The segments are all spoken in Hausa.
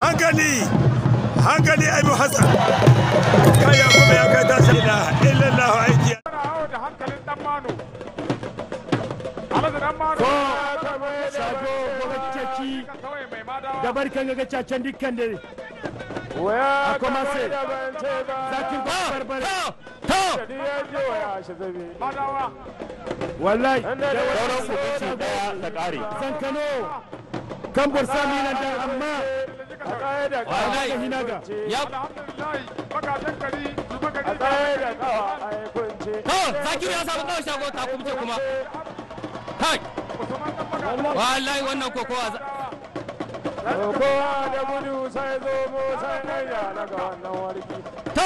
hankali hankali abu hassan kaya kuma ya kai tashi ila illallah aiki da hankalin dan dan da barkan ga dukkan dare waya to wallahi da wannan kuɗi da ya ta kare amma da da ya alhamdulillah baka tankari zuba to ya samu kawai shago ta kuma kuma kai wallahi wannan kokowa kowa da gudu sai zo mo sai na ga wannan warki to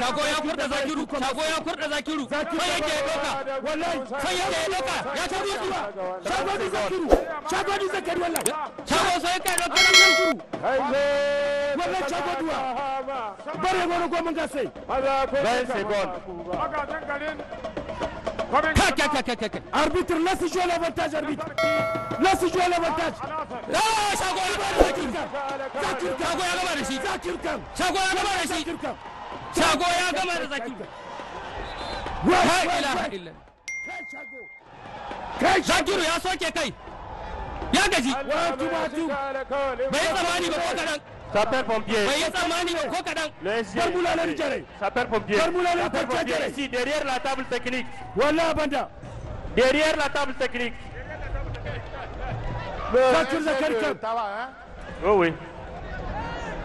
shago ya kurda zakiru shago ya kurda zakiru sai yake doka wallahi sai yake doka ya ta shago ni shago ni wallahi shago sai doka ni wallahi shago duwa bare gono ko mun ga sai sai Arbitre, jouer l'avantage, arbitre. jouer l'avantage. Ça ya La pompier. derrière la table technique. Voilà, Banda. Derrière la table technique. Oh oui.